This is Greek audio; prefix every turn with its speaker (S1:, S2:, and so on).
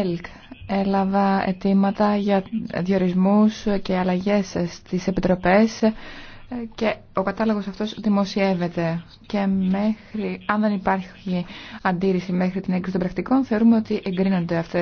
S1: ΕΛΚ έλαβα αιτήματα για διορισμούς και αλλαγές στις επιτροπές και ο κατάλογος αυτός δημοσιεύεται και μέχρι, αν δεν υπάρχει αντίρρηση μέχρι την έγκριση των πρακτικών θεωρούμε ότι εγκρίνονται αυτές.